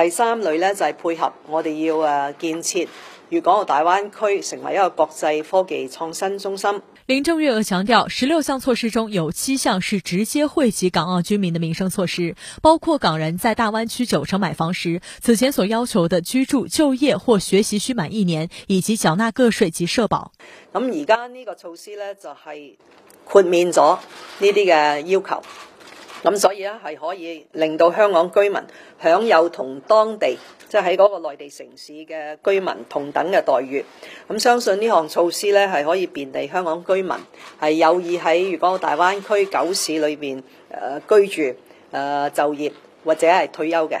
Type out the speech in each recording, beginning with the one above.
第三類呢，就係、是、配合我哋要誒、啊、建設粵港澳大灣區成為一個國際科技創新中心。林鄭月娥強調，十六項措施中有七項是直接惠及港澳居民的民生措施，包括港人在大灣區九城買房時，此前所要求的居住、就業或學習需滿一年，以及繳納個稅及社保。咁而家呢個措施呢，就係、是、豁免咗呢啲嘅要求。咁所以呢，係可以令到香港居民享有同當地，即係喺嗰個內地城市嘅居民同等嘅待遇。相信呢項措施呢，係可以便利香港居民係有意喺如果大灣區九市裏面居住、呃、就業或者係退休嘅。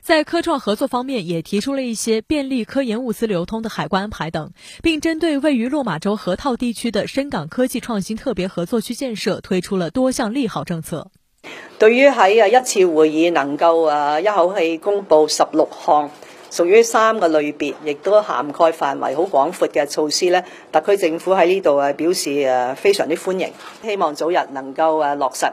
在科創合作方面，也提出了一些便利科研物資流通的海關安排等，並針對位於落馬洲河套地區的深港科技創新特別合作區建設，推出了多項利好政策。對於喺啊一次會議能夠啊一口氣公布十六項屬於三個類別，亦都涵蓋範圍好廣闊嘅措施呢，特區政府喺呢度表示誒非常之歡迎，希望早日能夠誒落實。